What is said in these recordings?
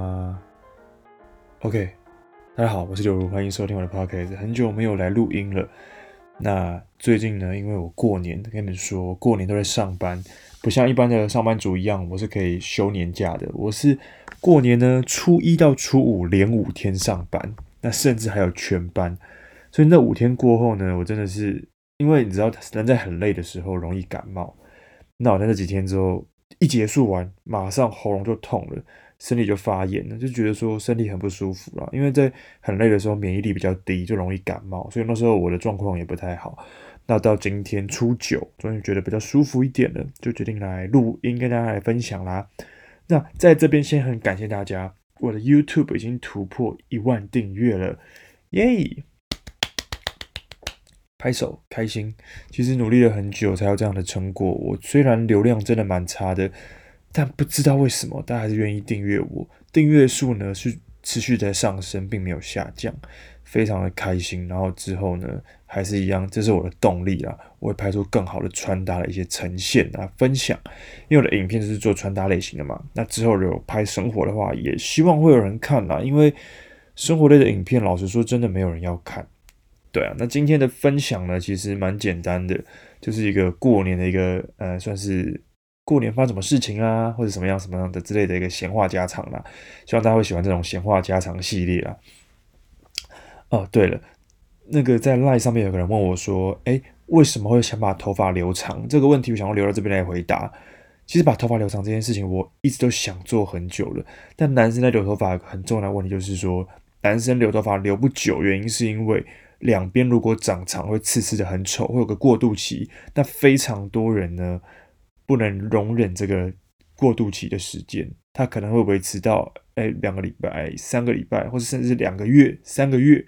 啊、uh，OK，大家好，我是劉如，歡迎收聽我的 Podcast。很久沒有來錄音了。那最近呢，因為我過年跟你們說，過年都在上班，不像一般的上班族一樣，我是可以休年假的。我是過年呢初一到初五連五天上班，那甚至還有全班。所以那五天過後呢，我真的是因為你知道人在很累的時候容易感冒，那我在這幾天之後一結束完，馬上喉嚨就痛了。身體就發炎了，就覺得說身體很不舒服了，因為在很累的時候免疫力比較低，就容易感冒，所以那時候我的狀況也不太好。那到今天初九，終於覺得比較舒服一點了，就決定來錄音跟大家來分享啦。那在這邊先很感謝大家，我的 YouTube 已經突破一萬訂閱了，耶！拍手開心，其實努力了很久才有這樣的成果。我雖然流量真的蠻差的。但不知道為什麼，大家還是願意訂閱我。訂閱數呢是持續在上升，並沒有下降，非常的開心。然後之後呢，還是一樣，這是我的動力啦。我會拍出更好的穿搭的一些呈現啊，分享。因為我的影片就是做穿搭類型的嘛。那之後有拍生活的話，也希望會有人看啦。因為生活類的影片，老實說，真的沒有人要看。對啊。那今天的分享呢，其實蠻簡單的，就是一個過年的一個，呃，算是。過年發生什麼事情啊，或者什麼樣什麼樣的之類的，一個閒話家常啦。希望大家會喜歡這種閒話家常系列啦。哦，對了，那個在 line 上面有個人問我說：“誒、欸、為什麼會想把頭髮留長？”這個問題我想要留到這邊來回答。其實把頭髮留長這件事情，我一直都想做很久了。但男生在留頭髮很重要的問題就是說，男生留頭髮留不久，原因是因為兩邊如果長長會刺刺的很醜，會有個過渡期。那非常多人呢。不能容忍這個過渡期的時間，它可能會維持到誒、欸、兩個禮拜、三個禮拜，或者甚至是兩個月、三個月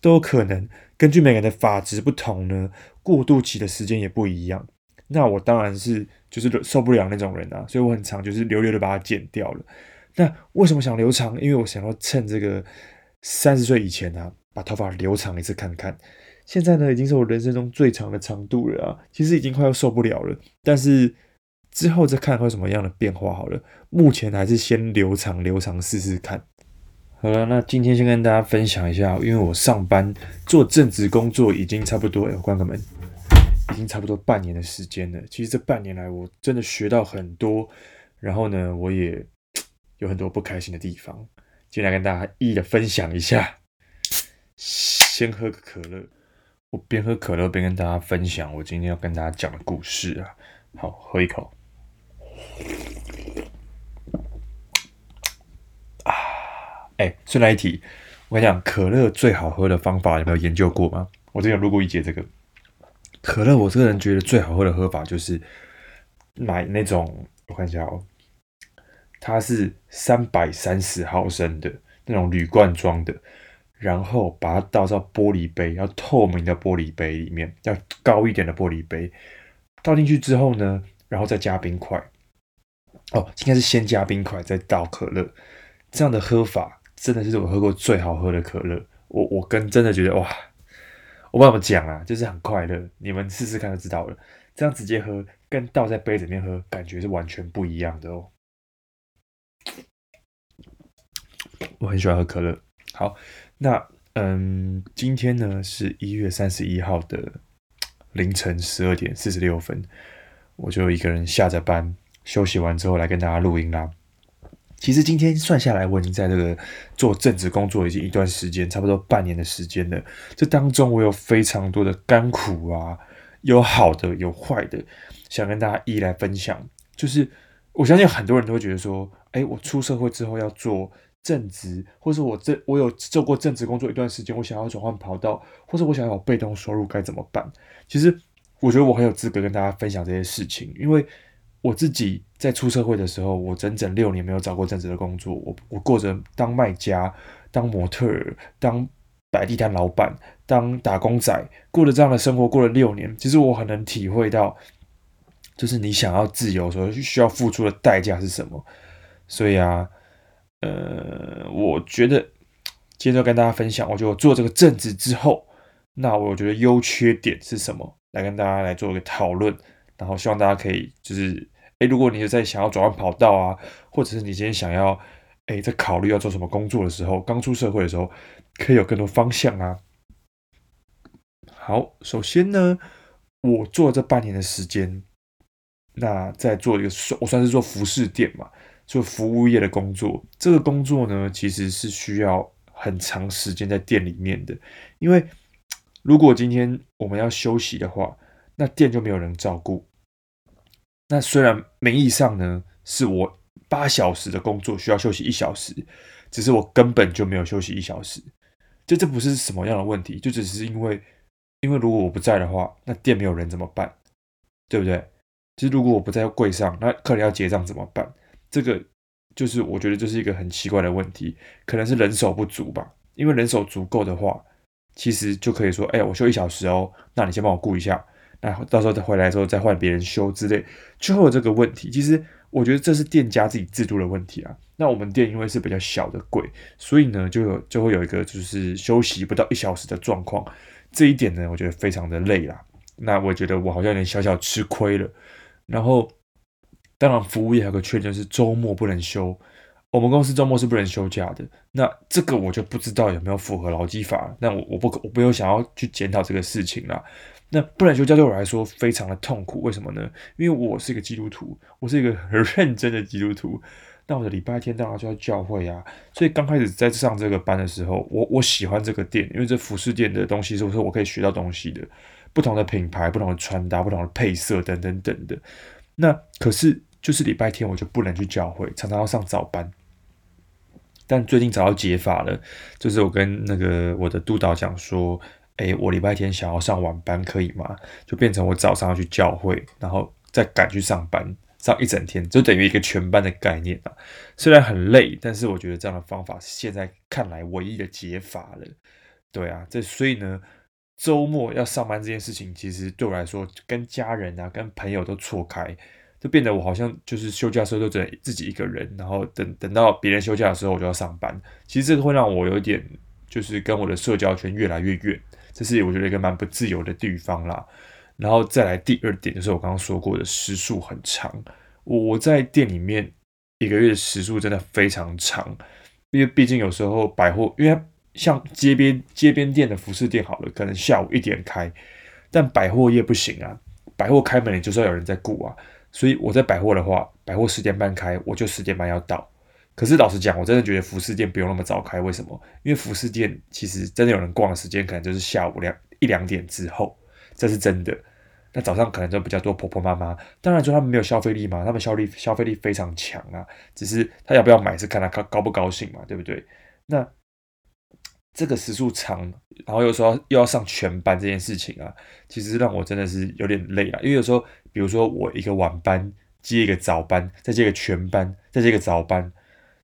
都有可能。根據每個人的髮質不同呢，過渡期的時間也不一樣。那我當然是就是受不了那種人啊，所以我很長就是留留的把它剪掉了。那為什麼想留長？因為我想要趁這個三十歲以前啊，把頭髮留長一次看看。現在呢，已經是我人生中最長的長度了啊，其實已經快要受不了了，但是。之後再看會什麼樣的變化好了，目前還是先留長留長試試看。好了，那今天先跟大家分享一下，因為我上班做正職工作已經差不多，哎，關個門，已經差不多半年的時間了。其實這半年來，我真的學到很多，然後呢，我也有很多不開心的地方，今天來跟大家一一的分享一下。先喝個可樂，我邊喝可樂邊跟大家分享我今天要跟大家講的故事啊。好，喝一口。哎、欸，順帶一提，我跟你講，可樂最好喝的方法有沒有研究過嗎？我之前錄過一節這個可樂，我這個人覺得最好喝的喝法就是買那種我看一下哦，它是三百三十毫升的那種鋁罐裝的，然後把它倒到玻璃杯，要透明的玻璃杯裡面，要高一點的玻璃杯，倒進去之後呢，然後再加冰塊。哦，應該是先加冰塊再倒可樂，這樣的喝法。真的是我喝過最好喝的可樂，我我跟真的覺得哇，我不知道怎麼講啊，就是很快樂，你們試試看就知道了。這樣直接喝跟倒在杯子裡面喝，感覺是完全不一樣的哦。我很喜歡喝可樂。好，那嗯，今天呢是一月三十一號的凌晨十二點四十六分，我就一個人下着班，休息完之後來跟大家錄音啦。其實今天算下來，我已經在這個做正職工作已經一段時間，差不多半年的時間了。這當中我有非常多的甘苦啊，有好的，有壞的，想跟大家一一來分享。就是我相信很多人都會覺得說，誒，我出社會之後要做正職，或者是我這我有做過正職工作一段時間，我想要轉換跑道，或者我想要有被動收入，該怎麼辦？其實我覺得我很有資格跟大家分享這些事情，因為。我自己在出社會的時候，我整整六年沒有找過正職的工作，我我過着當賣家、當模特、當擺地攤老闆、當打工仔，過着這樣的生活，過了六年。其實我很能體會到，就是你想要自由所需要付出的代價是什麼。所以啊，呃，我覺得今天就跟大家分享，我就做這個正職之後，那我覺得優缺點是什麼，來跟大家來做一個討論，然後希望大家可以就是。哎、欸，如果你在想要轉換跑道啊，或者是你今天想要，哎、欸，在考慮要做什麼工作的時候，剛出社會的時候，可以有更多方向啊。好，首先呢，我做了這半年的時間，那在做一個，我算是做服飾店嘛，做服務業的工作。這個工作呢，其實是需要很長時間在店裡面的，因為如果今天我們要休息的話，那店就沒有人照顧。那雖然名義上呢是我八小時的工作需要休息一小時，只是我根本就沒有休息一小時，就這不是什麼樣的問題，就只是因為，因為如果我不在的話，那店沒有人怎麼辦，對不對？就是如果我不在櫃上，那客人要結賬怎麼辦？這個就是我覺得這是一個很奇怪的問題，可能是人手不足吧，因為人手足夠的話，其實就可以說，哎、欸，我休一小時哦，那你先幫我顧一下。到時候再回來之後再換別人修之類，就會有這個問題。其實我覺得這是店家自己制度的問題啊。那我們店因為是比較小的櫃，所以呢就有就會有一個就是休息不到一小時的狀況。這一點呢，我覺得非常的累啦。那我覺得我好像有點小小吃虧了。然後，當然服務業還有個缺點是周末不能休，我們公司周末是不能休假的。那這個我就不知道有沒有符合勞基法。那我我不我不用想要去檢討這個事情啦。那不能休假對我來說非常的痛苦，為什麼呢？因為我是一個基督徒，我是一個很認真的基督徒。那我的禮拜天當然就要教會啊，所以剛開始在上這個班的時候，我我喜歡這個店，因為這服飾店的東西，是不是我可以學到東西的？不同的品牌，不同的穿搭，不同的配色，等等等的。那可是就是禮拜天我就不能去教會，常常要上早班。但最近找到解法了，就是我跟那個我的督導講說。哎，我禮拜天想要上晚班可以嗎？就變成我早上要去教會，然後再趕去上班，上一整天，就等於一個全班的概念啊。雖然很累，但是我覺得這樣的方法是現在看來唯一的解法了。對啊，這所以呢，週末要上班這件事情，其實對我來說，跟家人啊、跟朋友都錯開，就變得我好像就是休假的時候都只能自己一個人，然後等等到別人休假的時候我就要上班。其實這個會讓我有點，就是跟我的社交圈越來越遠。這是我覺得一個蠻不自由的地方啦，然後再來第二點就是我剛剛說過的時數很長。我在店裡面一個月時數真的非常長，因為畢竟有時候百貨，因為像街邊街邊店的服飾店好了，可能下午一點開，但百貨業不行啊，百貨開門也就是要有人在顧啊，所以我在百貨的話，百貨十點半開，我就十點半要到。可是老實講，我真的覺得服飾店不用那麼早開。為什麼？因為服飾店其實真的有人逛的時間可能就是下午兩一兩點之後，這是真的。那早上可能就比較多婆婆媽媽。當然說他們沒有消費力嘛，他們消費消費力非常強啊。只是他要不要買是看他、啊、高高不高興嘛，對不對？那這個時數長，然後又說又要上全班這件事情啊，其實讓我真的是有點累啊。因為有時候，比如說我一個晚班接一個早班，再接一個全班，再接一個早班。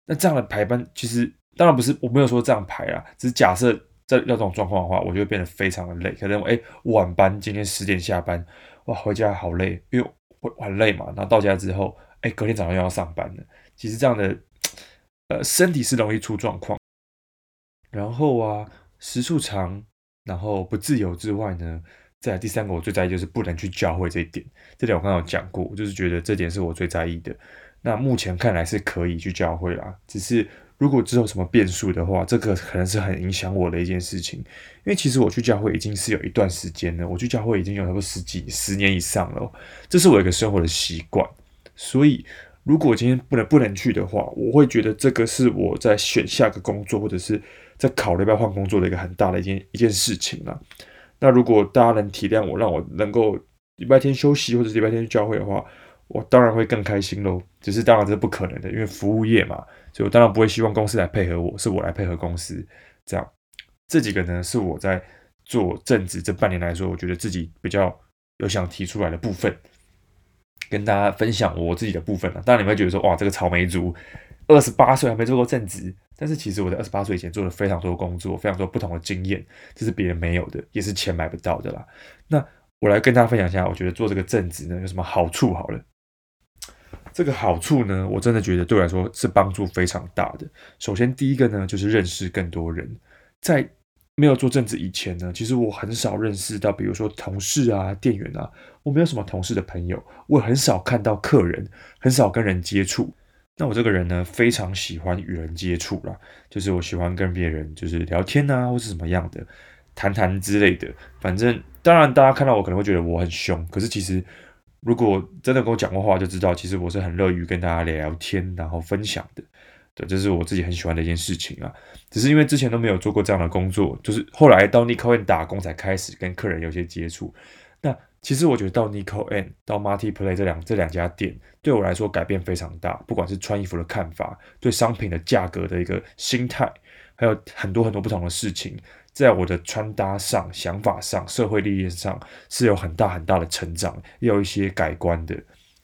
那這樣的排班，其實當然不是，我沒有說這樣排啊，只是假設在那種狀況的話，我就會變得非常的累。可能哎、欸，晚班今天十點下班，哇，回家好累，因為我很累嘛。然後到家之後，哎、欸，隔天早上又要上班了。其實這樣的，呃，身體是容易出狀況。然後啊，時數長，然後不自由之外呢，再來第三個我最在意就是不能去教會這一點。這點我剛剛有講過，我就是覺得這點是我最在意的。那目前看來是可以去教會啦，只是如果之後什麼變數的話，這個可能是很影響我的一件事情。因為其實我去教會已經是有一段時間了，我去教會已經有差不多十幾十年以上了，這是我一個生活的習慣。所以如果今天不能不能去的話，我會覺得這個是我在選下個工作，或者是在考慮要不要換工作的一個很大的一件一件事情啦。那如果大家能體諒我，讓我能夠禮拜天休息或者是禮拜天去教會的話。我當然會更開心咯，只是當然這是不可能的，因為服務業嘛，所以我當然不會希望公司來配合我，是我來配合公司。這樣這幾個呢，是我在做正職這半年來說，我覺得自己比較有想提出來的部分，跟大家分享我自己的部分了。當然你會覺得說，哇，這個草莓族二十八歲還沒做過正職，但是其實我在二十八歲以前做了非常多工作，非常多不同的經驗，這是別人沒有的，也是錢買不到的啦。那我來跟大家分享一下，我覺得做這個正職呢有什麼好處好了。這個好處呢，我真的覺得對我來說是幫助非常大的。首先，第一個呢，就是認識更多人。在沒有做正職以前呢，其實我很少認識到，比如說同事啊、店員啊，我沒有什麼同事的朋友，我很少看到客人，很少跟人接觸。那我這個人呢，非常喜歡與人接觸啦，就是我喜歡跟別人就是聊天吶、啊，或是什麼樣的談談之類的。反正，當然大家看到我可能會覺得我很凶，可是其實。如果真的跟我講過話，就知道其實我是很樂於跟大家聊聊天，然後分享的。對，這、就是我自己很喜歡的一件事情啊。只是因為之前都沒有做過這樣的工作，就是後來到 Nicole N 打工才開始跟客人有些接觸。那其實我覺得到 Nicole N、到 Marty Play 這兩這兩家店，對我來說改變非常大，不管是穿衣服的看法，對商品的價格的一個心態，還有很多很多不同的事情。在我的穿搭上、想法上、社會歷練上，是有很大很大的成長，也有一些改觀的。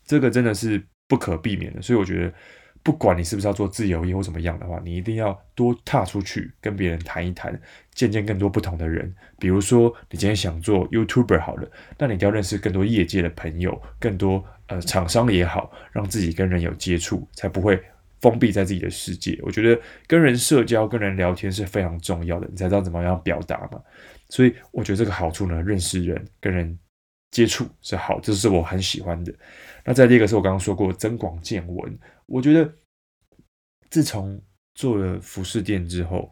這個真的是不可避免的，所以我覺得，不管你是不是要做自由業或怎麼樣的話，你一定要多踏出去，跟別人談一談，見見更多不同的人。比如說，你今天想做 YouTuber 好了，那你一定要認識更多業界的朋友，更多呃廠商也好，讓自己跟人有接觸，才不會，封閉在自己的世界，我覺得跟人社交、跟人聊天是非常重要的。你才知道怎麼樣表達嘛，所以我覺得這個好處呢，認識人、跟人接觸是好，這是我很喜歡的。那在這個是我剛剛說過增廣見聞，我覺得自從做了服飾店之後，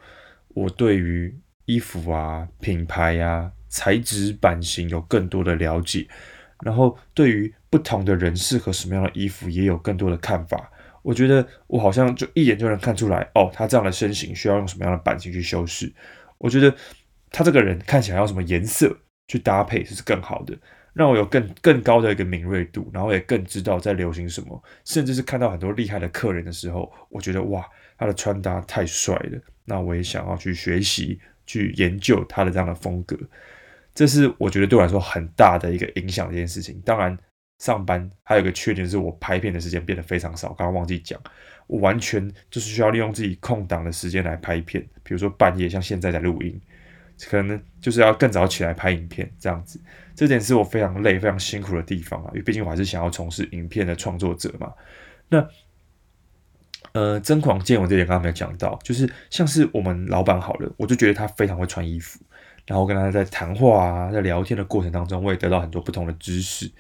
我對於衣服啊、品牌啊、材質、版型有更多的了解，然後對於不同的人適合什麼樣的衣服也有更多的看法。我覺得我好像就一眼就能看出來哦，他這樣的身形需要用什麼樣的版型去修飾。我覺得他這個人看起來要什麼顏色去搭配是更好的，讓我有更更高的一個敏銳度，然後也更知道在流行什麼，甚至是看到很多厲害的客人的時候，我覺得哇，他的穿搭太帥了，那我也想要去學習去研究他的這樣的風格。這是我覺得對我來說很大的一個影響的一件事情。當然。上班還有一個缺點，是我拍片的時間變得非常少。剛剛忘記講，我完全就是需要利用自己空檔的時間來拍片。比如說半夜，像現在在錄音，可能就是要更早起來拍影片這樣子。這點是我非常累，非常辛苦的地方啊，因為畢竟我還是想要從事影片的創作者嘛。那呃，增廣見聞這點剛剛沒有講到，就是像是我們老闆好了，我就覺得他非常會穿衣服。然後跟他在談話啊，在聊天的過程當中，我也得到很多不同的知識。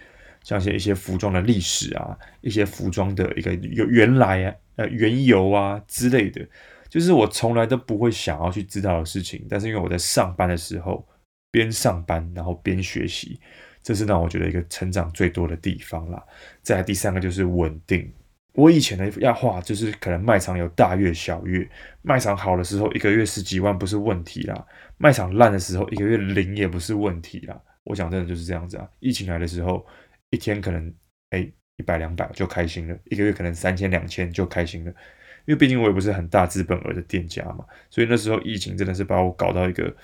像一些一些服裝的歷史啊，一些服裝的一個由原來啊、呃緣由啊之類的，就是我從來都不會想要去知道的事情。但是因為我在上班的時候邊上班，然後邊學習，這是讓我覺得一個成長最多的地方啦。再來第三個就是穩定。我以前的要話就是，可能賣場有大月小月，賣場好的時候一個月十幾萬不是問題啦，賣場爛的時候一個月零也不是問題啦。我講真的就是這樣子啊。疫情來的時候。一天可能哎一百兩百就開心了，一個月可能三千兩千就開心了，因為畢竟我也不是很大資本額的店家嘛，所以那時候疫情真的是把我搞到一個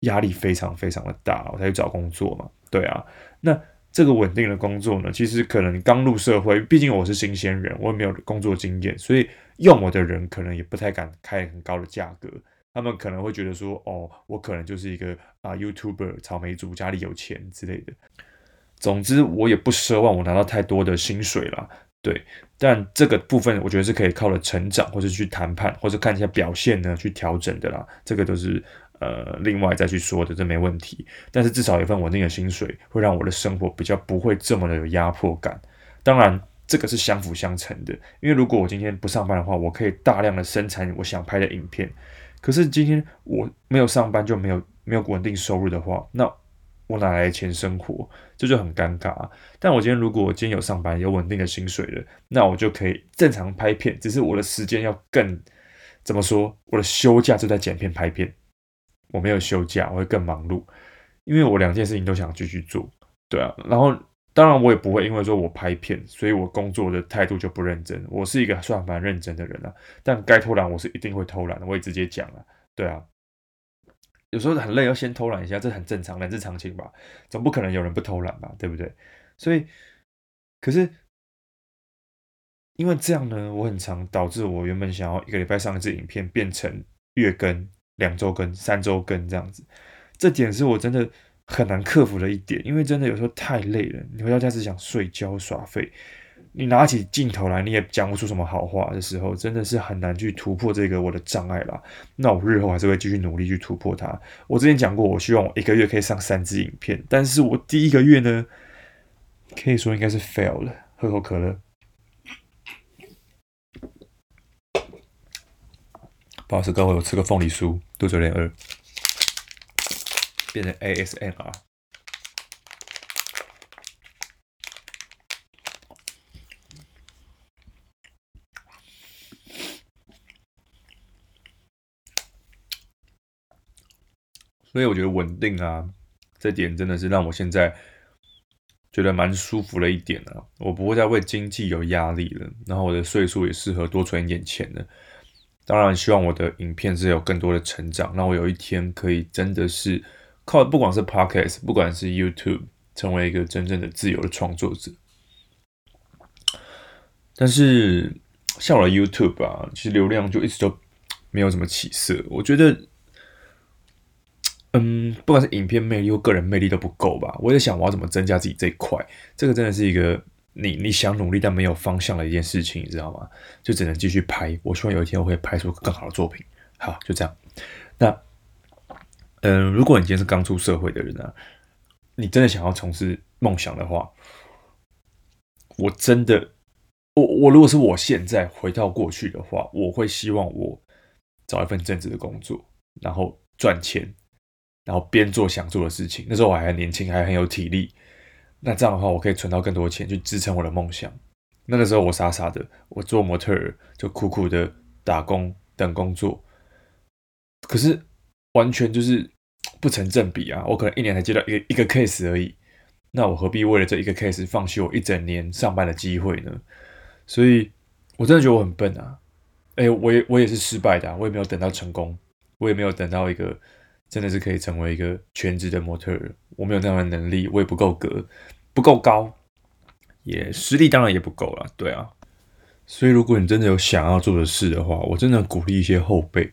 壓力非常非常的大，我才去找工作嘛，對啊。那這個穩定的工作呢，其實可能剛入社會，畢竟我是新鮮人，我也沒有工作經驗，所以用我的人可能也不太敢開很高的價格，他們可能會覺得說，哦，我可能就是一個啊、呃、YouTuber 草莓族、家裡有錢之類的。總之，我也不奢望我拿到太多的薪水啦。對。但這個部分，我覺得是可以靠了成長，或者去談判，或者看一下表現呢，去調整的啦。這個都是呃另外再去說的，這沒問題。但是至少一份穩定的薪水，會讓我的生活比較不會這麼的有壓迫感。當然，這個是相輔相成的，因為如果我今天不上班的話，我可以大量的生產我想拍的影片。可是今天我沒有上班，就沒有沒有穩定收入的話，那。我哪來的錢生活？這就很尷尬啊。但我今天如果我今天有上班，有穩定的薪水了，那我就可以正常拍片。只是我的時間要更，怎麼說？我的休假就在剪片拍片，我沒有休假，我會更忙碌，因為我兩件事情都想繼續做，對啊。然後當然我也不會因為說我拍片，所以我工作的態度就不認真。我是一個算蠻認真的人了啊，但該偷懶我是一定會偷懶的，我也直接講了啊，對啊。有時候很累，要先偷懶一下，這很正常的，人之常情吧。總不可能有人不偷懶吧，對不對？所以，可是因為這樣呢，我很常導致我原本想要一個禮拜上一次影片，變成月更、兩周更、三周更這樣子。這點是我真的很難克服的一點，因為真的有時候太累了，你回到家只想睡覺耍廢。你拿起鏡頭來，你也講不出什麼好話的時候，真的是很難去突破這個我的障礙了。那我日後還是會繼續努力去突破它。我之前講過，我希望我一個月可以上三支影片，但是我第一個月呢，可以說應該是 fail 了，喝口可樂。不好意思，各位，我吃個鳳梨酥，肚子有點餓，變成 ASMR。所以我覺得穩定啊，這點真的是讓我現在覺得蠻舒服的一點呢、啊。我不會再為經濟有壓力了，然後我的歲數也適合多存一點錢了。當然，希望我的影片是有更多的成長，讓我有一天可以真的是靠不管是 Podcast，不管是 YouTube，成為一個真正的自由的創作者。但是像我的 YouTube 啊，其實流量就一直都沒有什麼起色，我覺得。嗯，不管是影片魅力或個人魅力都不夠吧？我在想我要怎麼增加自己這一塊，這個真的是一個你你想努力但沒有方向的一件事情，你知道嗎？就只能繼續拍。我希望有一天我會拍出更好的作品。好，就這樣。那嗯，如果你今天是剛出社會的人呢、啊，你真的想要從事夢想的話，我真的，我我如果是我現在回到過去的話，我會希望我找一份正職的工作，然後賺錢。然後邊做想做的事情，那時候我還很年輕，還很有體力。那這樣的話，我可以存到更多的錢去支撐我的夢想。那個時候我傻傻的，我做模特兒就苦苦的打工等工作，可是完全就是不成正比啊！我可能一年才接到一個一個 case 而已，那我何必為了這一個 case 放棄我一整年上班的機會呢？所以，我真的覺得我很笨啊！哎，我也我也是失敗的啊，我也沒有等到成功，我也沒有等到一個。真的是可以成為一個全職的模特，我沒有那樣的能力，我也不夠格，不夠高，也實力當然也不夠了，對啊。所以如果你真的有想要做的事的話，我真的鼓勵一些後輩，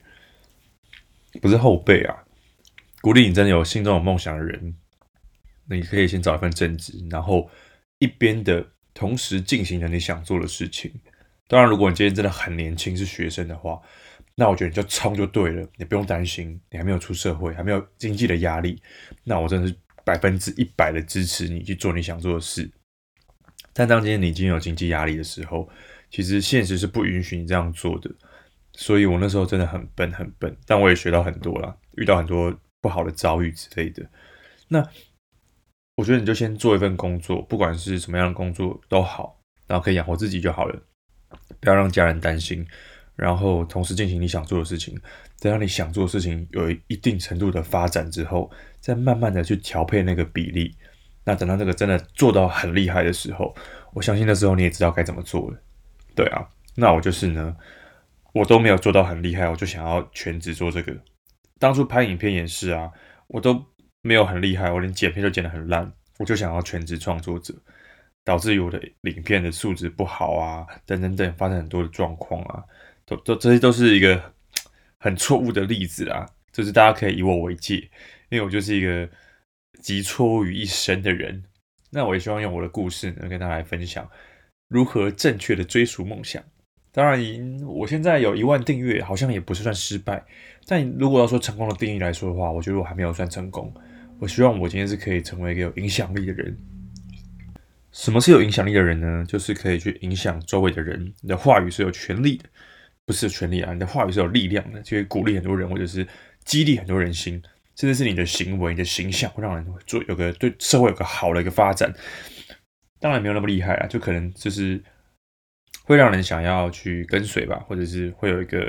不是後輩啊，鼓勵你真的有心中有夢想的人，那你可以先找一份正職，然後一邊的同時進行着你想做的事情。當然，如果你今天真的很年輕，是學生的話。那我覺得你就衝就對了，你不用擔心，你還沒有出社會，還沒有經濟的壓力。那我真的是百分之一百的支持你去做你想做的事。但當今天你已經有經濟壓力的時候，其實現實是不允許你這樣做的。所以我那時候真的很笨很笨，但我也學到很多啦，遇到很多不好的遭遇之類的。那我覺得你就先做一份工作，不管是什麼樣的工作都好，然後可以養活自己就好了，不要讓家人擔心。然後同時進行你想做的事情，等到你想做的事情有一定程度的發展之後，再慢慢的去調配那個比例。那等到這個真的做到很厲害的時候，我相信那時候你也知道該怎麼做了。對啊，那我就是呢，我都沒有做到很厲害，我就想要全職做這個。當初拍影片也是啊，我都沒有很厲害，我連剪片都剪得很爛，我就想要全職創作者，導致我的影片的素質不好啊，等等等，發生很多的狀況啊。都，都這些都是一個很錯誤的例子啊！就是大家可以以我為戒，因為我就是一個集錯誤於一身的人。那我也希望用我的故事能跟大家來分享如何正確的追逐夢想。當然，我現在有一萬訂閱，好像也不是算失敗。但如果要說成功的定義來說的話，我覺得我還沒有算成功。我希望我今天是可以成為一個有影響力的人。什麼是有影響力的人呢？就是可以去影響周圍的人，你的話語是有權力的。不是權利啊，你的話語是有力量的，就會鼓勵很多人，或者是激勵很多人心，甚至是你的行為、你的形象，會讓人會做有個對社會有個好的一個發展。當然沒有那麼厲害啊，就可能就是會讓人想要去跟隨吧，或者是會有一個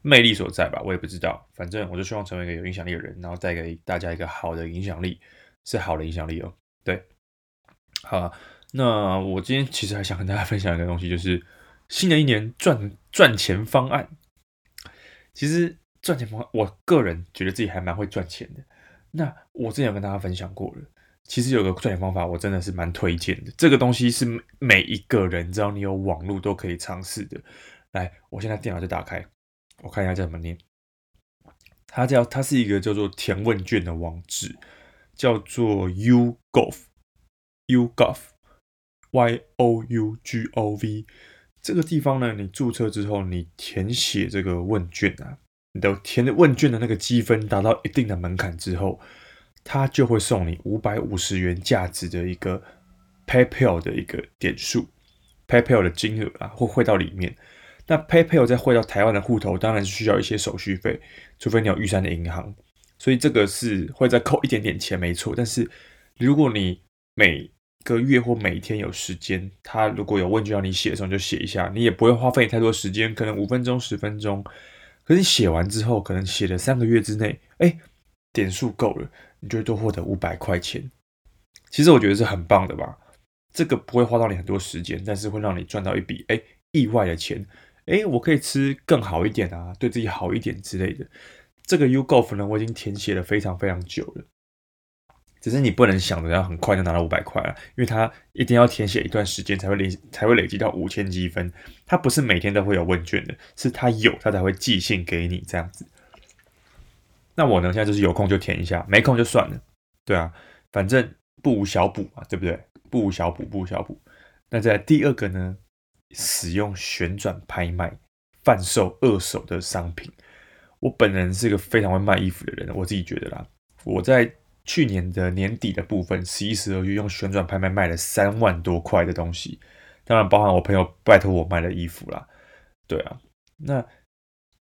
魅力所在吧，我也不知道。反正我就希望成為一個有影響力的人，然後帶給大家一個好的影響力，是好的影響力哦。對，好，那我今天其實還想跟大家分享一個東西，就是。新的一年賺賺錢方案，其實賺錢方，我個人覺得自己還蠻會賺錢的。那我之前有跟大家分享過了，其實有個賺錢方法，我真的是蠻推薦的。這個東西是每一個人只要你有網絡都可以嘗試的。來，我現在電腦就打開，我看一下叫怎麼念。它叫它是一個叫做填問卷的網址，叫做 UGOF UGOF Y O U G O V。這個地方呢，你註冊之後，你填寫這個問卷啊，你的填了問卷的那個積分達到一定的門檻之後，它就會送你五百五十元價值的一個 PayPal 的一個點數，PayPal 的金額啊會匯到裡面。那 PayPal 再匯到台灣的戶頭，當然是需要一些手續費，除非你有玉山的銀行。所以這個是會再扣一點點錢，沒錯。但是如果你每一個月或每天有時間，他如果有問卷要你寫的時候，就寫一下，你也不會花費太多時間，可能五分鐘、十分鐘。可是你寫完之後，可能寫了三個月之內，哎、欸，點數夠了，你就會多獲得五百塊錢。其實我覺得是很棒的吧，這個不會花到你很多時間，但是會讓你賺到一筆哎、欸、意外的錢，哎、欸，我可以吃更好一點啊，對自己好一點之類的。這個 YouGov 呢，我已經填寫了非常非常久了。只是你不能想着要很快就拿到五百塊啊，因為它一定要填寫一段時間才會累才會累積到五千積分。它不是每天都會有問卷的，是它有它才會寄信給你這樣子。那我呢，現在就是有空就填一下，沒空就算了。對啊，反正不無小補嘛，對不對？不無小補，不無小補。那在第二個呢，使用旋轉拍賣販售二手的商品。我本人是一個非常會賣衣服的人，我自己覺得啦，我在。去年的年底的部分，其實我就用旋轉拍賣賣了三萬多塊的東西，當然包含我朋友拜托我賣的衣服啦。對啊，那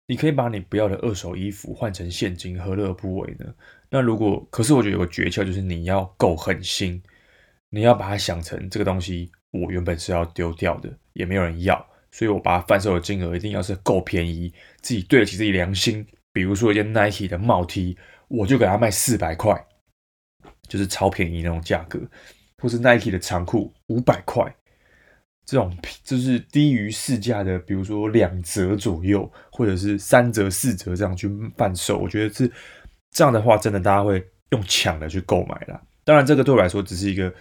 你可以把你不要的二手衣服換成現金，何樂而不為呢？那如果可是我覺得有個訣竅就是你要夠狠心，你要把它想成這個東西我原本是要丟掉的，也沒有人要，所以我把它販售的金額一定要是夠便宜，自己對得起自己良心。比如說一件 Nike 的帽 T，我就給它賣四百塊。就是超便宜那種價格，或是 Nike 的長褲五百塊，這種就是低於市價的，比如說兩折左右，或者是三折、四折這樣去販售，我覺得是這樣的話，真的大家會用搶的去購買啦。當然，這個對我來說只是一個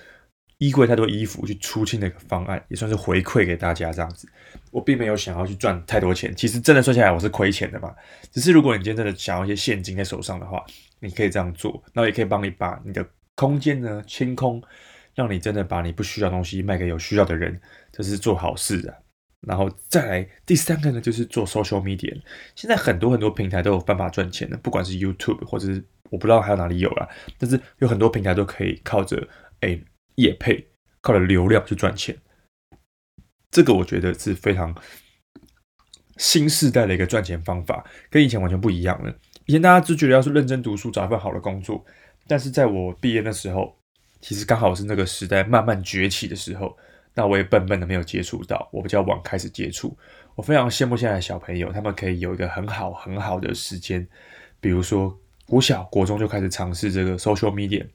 衣櫃太多衣服去出清的一個方案，也算是回饋給大家這樣子。我並沒有想要去賺太多錢，其實真的算下來我是虧錢的嘛。只是如果你今天真的想要一些現金在手上的話。你可以這樣做，那也可以幫你把你的空間呢清空，讓你真的把你不需要東西賣給有需要的人，這是做好事啊。然後再來第三個呢，就是做 social media，現在很多很多平台都有辦法賺錢的，不管是 YouTube 或者是我不知道還有哪裡有啦，但是有很多平台都可以靠着哎，業配、靠着流量去賺錢，這個我覺得是非常新時代的一個賺錢方法，跟以前完全不一樣了。以前大家只覺得要是認真讀書找一份好的工作，但是在我畢業的時候，其實剛好是那個時代慢慢崛起的時候，那我也笨笨的沒有接觸到，我比較晚開始接觸。我非常羨慕現在的小朋友，他們可以有一個很好很好的時間，比如說國小、國中就開始嘗試這個 social media。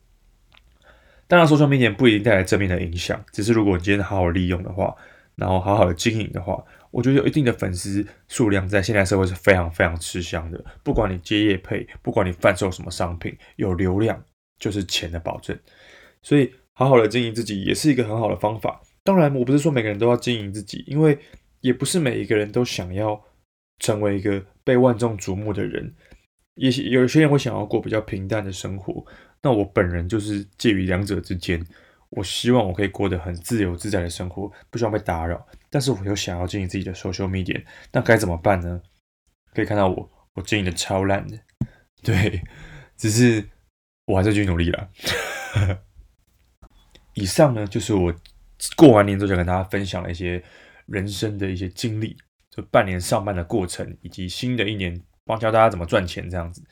當然，social media 不一定帶來正面的影響，只是如果你今天好好利用的話，然後好好的經營的話，我覺得有一定的粉絲數量，在現代社會是非常非常吃香的。不管你接業配，不管你販售什麼商品，有流量就是錢的保證。所以，好好的經營自己也是一個很好的方法。當然，我不是說每個人都要經營自己，因為也不是每一個人都想要成為一個被萬眾矚目的人。也有些人會想要過比較平淡的生活。那我本人就是介於兩者之間。我希望我可以過得很自由自在的生活，不需要被打擾。但是我又想要經營自己的 social media，那該怎麼辦呢？可以看到我，我經營的超爛的，對，只是我還是繼續努力了。 以上呢，就是我過完年之後想跟大家分享的一些人生的一些經歷，就半年上班的過程，以及新的一年幫教大家怎麼賺錢這樣子。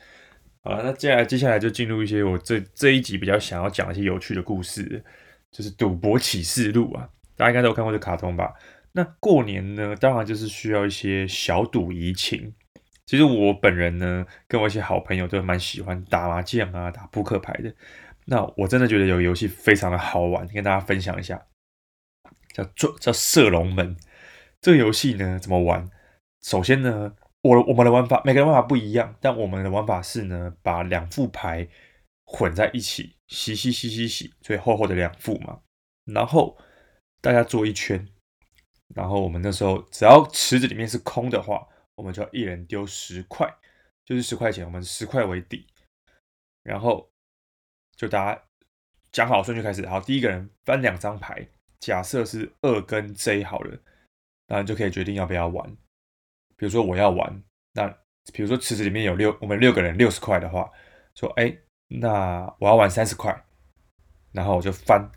好了，那接下來接下來就進入一些我這這一集比較想要講一些有趣的故事，就是《賭博啟示錄》啊，大家應該都有看過這卡通吧？那過年呢，當然就是需要一些小賭怡情。其實我本人呢，跟我一些好朋友都蠻喜歡打麻將啊，打撲克牌的。那我真的覺得有個遊戲非常的好玩，跟大家分享一下，叫做叫射龍門。這個遊戲呢，怎麼玩？首先呢，我我們的玩法每個人玩法不一樣，但我們的玩法是呢，把兩副牌混在一起洗洗洗洗洗，所以厚厚的兩副嘛。然後大家坐一圈。然後我們那時候只要池子裡面是空的話，我們就要一人丟十塊，就是十塊錢，我們十塊為底。然後就大家講好順序開始，好，第一個人翻兩張牌，假設是二跟 J 好了，那就可以決定要不要玩。比如說我要玩，那比如說池子裡面有六，我們六個人六十塊的話，說哎，那我要玩三十塊，然後我就翻。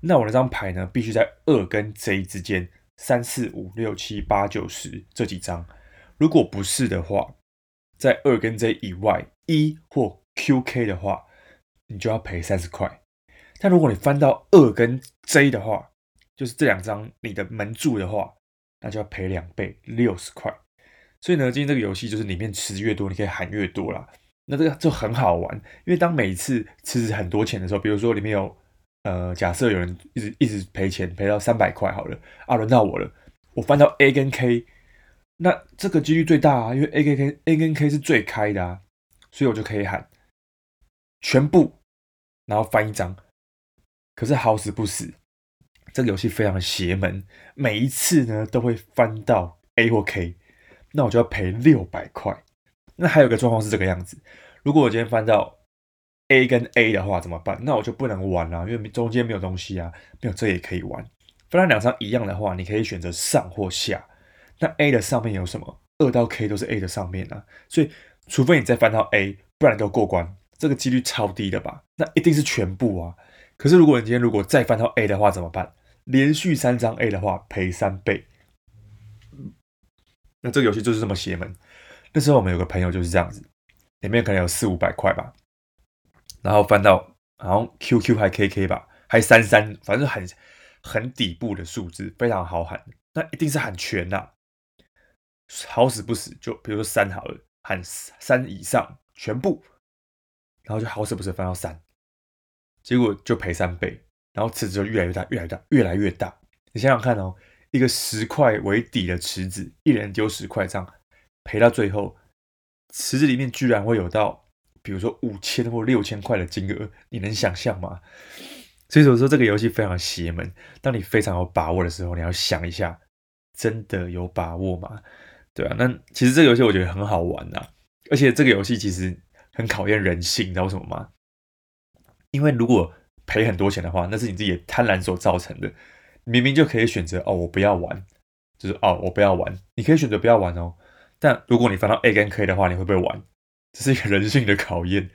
那我那張牌呢，必須在二跟 J 之間。三四五六七八九十這幾張，如果不是的話，在二跟 J 以外，A 或 QK 的話，你就要賠三十塊。但如果你翻到二跟 J 的話，就是這兩張你的門注，的話，那就要賠兩倍六十塊。所以呢，今天這個遊戲就是裡面池越多，你可以喊越多啦。那這個就很好玩，因為當每次池很多錢的時候，比如說裡面有。呃，假設有人一直一直賠錢，賠到三百塊好了啊，輪到我了，我翻到 A 跟 K，那這個幾率最大啊，因為 A、K、K、A 跟 K 是最開的啊，所以我就可以喊全部，然後翻一張。可是好死不死，這個遊戲非常的邪門，每一次呢都會翻到 A 或 K，那我就要賠六百塊。那還有一個狀況是這個樣子，如果我今天翻到。A 跟 A 的話怎麼辦？那我就不能玩啦，啊，因為中間沒有東西啊。沒有，這也可以玩。不然兩張一樣的話，你可以選擇上或下。那 A 的上面有什麼？二到 K 都是 A 的上面啊。所以，除非你再翻到 A，不然你都過關。這個幾率超低的吧？那一定是全部啊。可是，如果你今天如果再翻到 A 的話怎麼辦？連續三張 A 的話賠三倍。那這個遊戲就是這麼邪門。那時候我們有個朋友就是這樣子，裡面可能有四五百塊吧。然後翻到，然後 QQ 還 KK 吧，還三三，反正很很底部的數字，非常好喊。那一定是喊全吶、啊，好死不死就，就比如說三好了，喊三以上全部，然後就好死不死翻到三，結果就賠三倍，然後池子就越來越大，越來越大，越來越大。你想想看哦，一個十塊為底的池子，一人丟十塊這樣，賠到最後，池子裡面居然會有到。比如說五千或六千塊的金額，你能想象嗎？所以我說這個遊戲非常邪門。當你非常有把握的時候，你要想一下，真的有把握嗎？對啊，那其實這個遊戲我覺得很好玩吶，啊，而且這個遊戲其實很考驗人性，你知道為什麼嗎？因為如果賠很多錢的話，那是你自己的貪婪所造成的。你明明就可以選擇哦，我不要玩，就是哦，我不要玩，你可以選擇不要玩哦。但如果你翻到 A 跟 K 的話，你會不會玩？這是一個人性的考驗，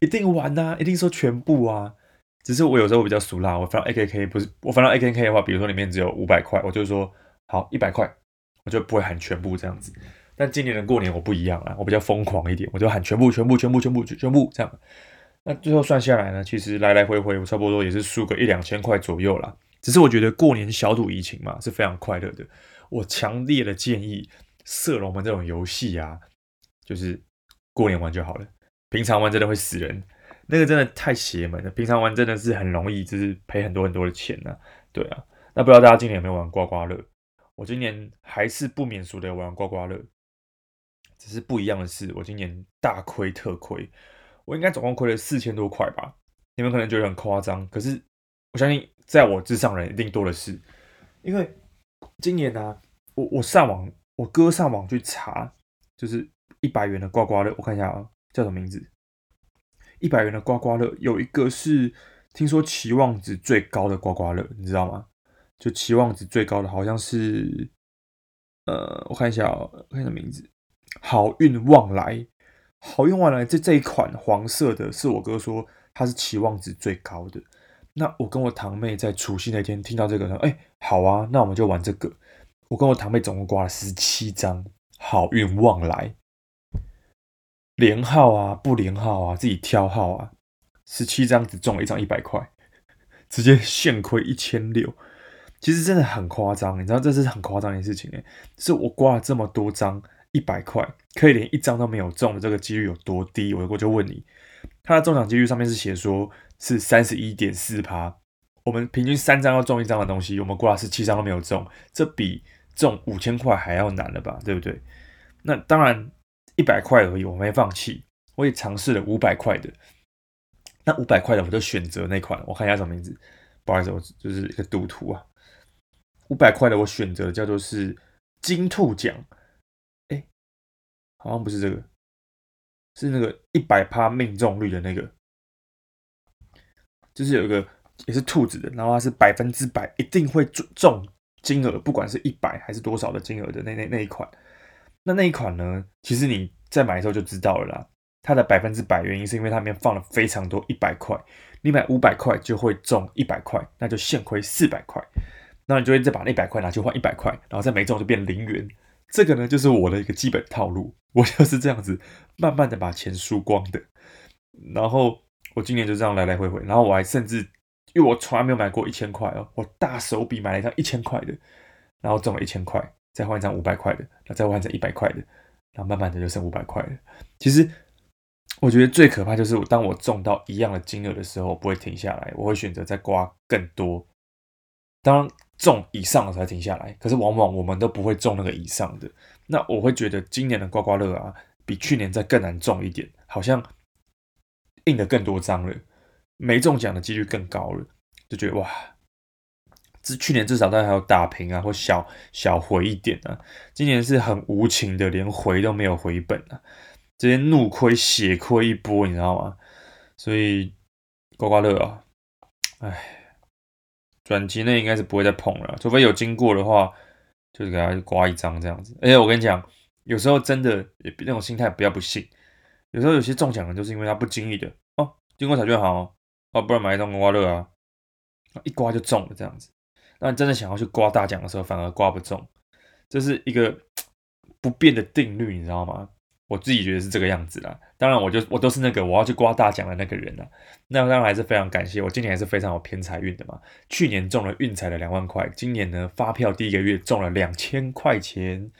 一定玩吶、啊，一定說全部啊。只是我有時候比較俗辣，我翻 A K K 不是，我翻到 A K K 的話，比如說裡面只有五百塊，我就說好一百塊，我就不會喊全部這樣子。但今年的過年我不一樣啦，我比較瘋狂一點，我就喊全部、全部、全部、全部、全部這樣。那最後算下來呢，其實來來回回我差不多也是輸個一兩千塊左右啦，只是我覺得過年小賭怡情嘛，是非常快樂的。我強烈的建議射龍門這種遊戲啊，就是。過年玩就好了，平常玩真的會死人，那個真的太邪門了。平常玩真的是很容易，就是賠很多很多的錢吶、啊。對啊，那不知道大家今年有沒有玩刮刮樂？我今年還是不免俗的玩刮刮樂，只是不一樣的是，我今年大虧特虧，我應該總共虧了四千多塊吧。你們可能覺得很誇張，可是我相信在我之上人一定多的是，因為今年呢、啊，我我上網，我哥上網去查，就是。一百元的刮刮樂，我看一下啊、哦，叫什麼名字？一百元的刮刮樂有一個是聽說期望值最高的刮刮樂，你知道嗎？就期望值最高的，好像是，呃，我看一下、哦，我看一下什麼名字？好運旺來，好運旺來這，這這一款黃色的，是我哥說它是期望值最高的。那我跟我堂妹在除夕那天聽到這個，說：“哎，好啊，那我們就玩這個。”我跟我堂妹總共刮了十七張好運旺來。連號啊，不連號啊，自己挑號啊，十七張只中了一張一百塊，直接現虧一千六，其實真的很誇張，你知道這是很誇張的事情哎、欸，是我刮了這麼多張一百塊，可以連一張都沒有中，這個幾率有多低？我就我就問你，它的中獎幾率上面是寫說是三十一點四趴，我們平均三張要中一張的東西，我們刮了十七張都沒有中，這比中五千塊還要難了吧，對不對？那當然。一百塊而已，我沒放棄，我也嘗試了五百塊的。那五百塊的，我就選擇那款。我看一下什麼名字，不好意思，我就是一個賭徒啊。五百塊的，我選擇的叫做是金兔獎。哎、欸，好像不是這個，是那個一百趴命中率的那個，就是有一個也是兔子的，然後它是百分之百一定會中金額，不管是一百還是多少的金額的那那那一款。那那一款呢？其實你在買的時候就知道了啦。它的百分之百原因是因為它裡面放了非常多一百塊，你買五百塊就會中一百塊，那就現虧四百塊。那你就會再把那一百塊拿去換一百塊，然後再沒中就變零元。這個呢就是我的一個基本套路，我就是這樣子慢慢的把錢輸光的。然後我今年就這樣來來回回，然後我還甚至，因為我從來沒有買過一千塊哦，我大手筆買了一張一千塊的，然後中了一千塊。再換一張五百塊的，那再換成一百塊的，然後慢慢的就剩五百塊了。其實我覺得最可怕就是，當我中到一樣的金額的時候，我不會停下來，我會選擇再刮更多。當中以上的才停下來，可是往往我們都不會中那個以上的。那我會覺得今年的刮刮樂啊，比去年再更難中一點，好像印的更多張了，沒中獎的幾率更高了，就覺得哇。是去年至少他還有打平啊，或小小回一點啊，今年是很無情的，連回都沒有回本啊，直接怒虧血虧一波，你知道嗎？所以刮刮樂啊，唉，短期內應該是不會再碰了、啊，除非有經過的話，就是給他刮一張這樣子。而、欸、且我跟你講，有時候真的那種心態不要不信，有時候有些中獎的就是因為他不經意的哦，經過彩券行哦，哦，不然買一張刮刮樂啊，一刮就中了這樣子。但真的想要去刮大獎的時候，反而刮不中，這是一個不變的定律，你知道嗎？我自己覺得是這個樣子啦。當然，我就我都是那個我要去刮大獎的那個人啦、啊。那當然還是非常感謝，我今年還是非常有偏財運的嘛。去年中了運彩的兩萬塊，今年呢，發票第一個月中了兩千塊錢，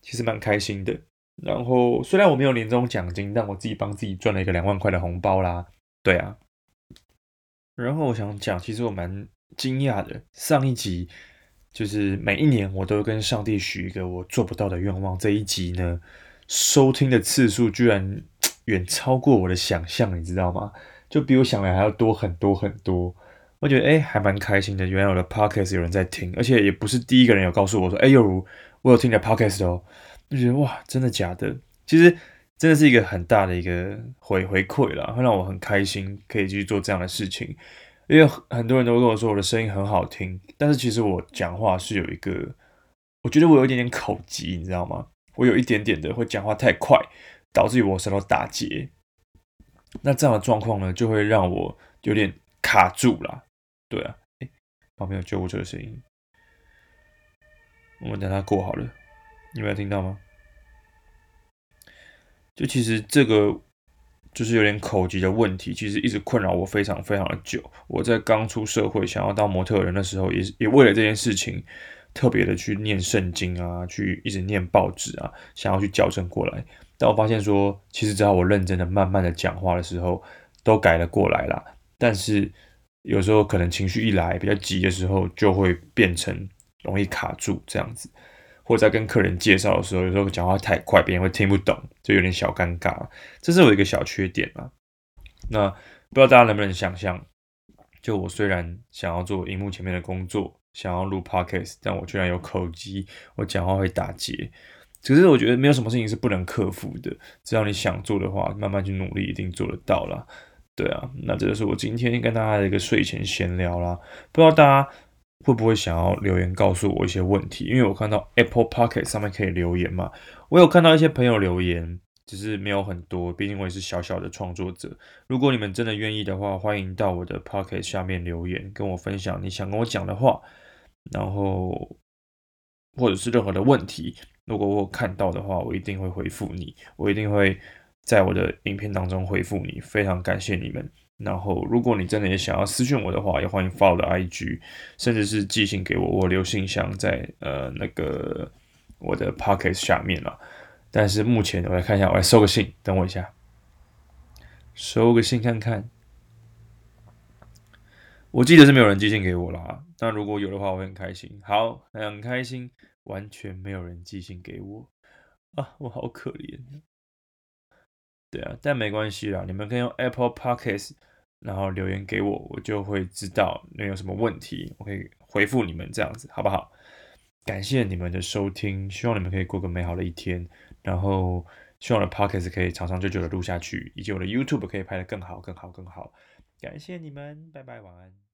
其實蠻開心的。然後雖然我沒有年終獎金，但我自己幫自己賺了一個兩萬塊的紅包啦。對啊。然後我想講，其實我蠻。驚訝的，上一集就是每一年我都跟上帝許一個我做不到的願望。這一集呢，收聽的次數居然遠超過我的想象，你知道嗎？就比我想的還要多很多很多。我覺得哎、欸，還蠻開心的。原來我的 podcast 有人在聽，而且也不是第一個人有告訴我說，哎、欸，呦，我有聽你的 podcast 哦。就覺得哇，真的假的？其實真的是一個很大的一個回回饋啦，會讓我很開心，可以繼續做這樣的事情。因為很多人都跟我說我的聲音很好聽，但是其實我講話是有一個，我覺得我有一點點口疾，你知道嗎？我有一點點的會講話太快，導致於我舌頭打結。那這樣的狀況呢，就會讓我有點卡住了。對啊、欸，旁邊有救護車的聲音，我們等他過好了。你沒有聽到嗎？就其實這個。就是有點口疾的問題，其實一直困擾我非常非常的久。我在剛出社會想要當模特人的時候，也也為了這件事情特別的去念聖經啊，去一直念報紙啊，想要去矯正過來。但我發現說，其實只要我認真的、慢慢的講話的時候，都改了過來啦。但是有時候可能情緒一來，比較急的時候，就會變成容易卡住這樣子。或者在跟客人介紹的時候，有時候講話太快，別人會聽不懂，就有點小尷尬。這是我一個小缺點啊。那不知道大家能不能想象？就我雖然想要做熒幕前面的工作，想要錄 Podcast，但我居然有口吃。我講話會打結。其實我覺得沒有什麼事情是不能克服的，只要你想做的話，慢慢去努力，一定做得到啦。對啊，那這就是我今天跟大家的一個睡前閒聊啦。不知道大家。會不會想要留言告訴我一些問題？因為我看到 Apple Podcast 上面可以留言嘛，我有看到一些朋友留言，只是沒有很多，畢竟我也是小小的創作者。如果你們真的願意的話，歡迎到我的 Podcast 下面留言，跟我分享你想跟我講的話，然後或者是任何的問題。如果我看到的話，我一定會回復你，我一定會在我的影片當中回復你。非常感謝你們。然後，如果你真的也想要私訊我的話，也歡迎 follow 我的 IG，甚至是寄信給我，我留信箱在呃那個我的 Podcast 下面了。但是目前我來看一下，我來收個信，等我一下，收個信看看。我記得是沒有人寄信給我啦，那如果有的話，我很開心。好，很很開心，完全沒有人寄信給我啊，我好可憐。對啊，但沒關係啦，你們可以用 Apple Podcast。然後留言給我，我就會知道你有什麼問題，我可以回復你們這樣子，好不好？感謝你們的收聽，希望你們可以過個美好的一天，然後希望我的 podcast 可以長長久久的錄下去，以及我的 YouTube 可以拍得更好、更好、更好。感謝你們，拜拜，晚安。